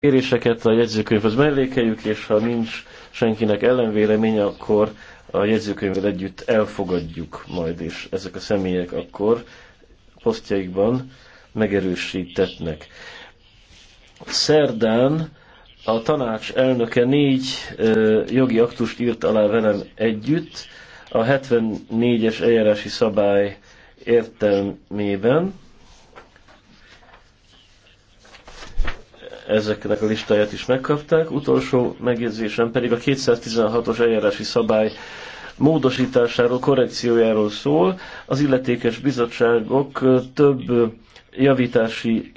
kéréseket a jegyzőkönyvhöz mellékeljük, és ha nincs senkinek ellenvéleménye, akkor a jegyzőkönyvvel együtt elfogadjuk majd, és ezek a személyek akkor posztjaikban megerősítetnek. Szerdán a tanács elnöke négy ö, jogi aktust írt alá velem együtt, a 74-es eljárási szabály értelmében, ezeknek a listáját is megkapták. Utolsó megjegyzésem pedig a 216-os eljárási szabály módosításáról, korrekciójáról szól. Az illetékes bizottságok több javítási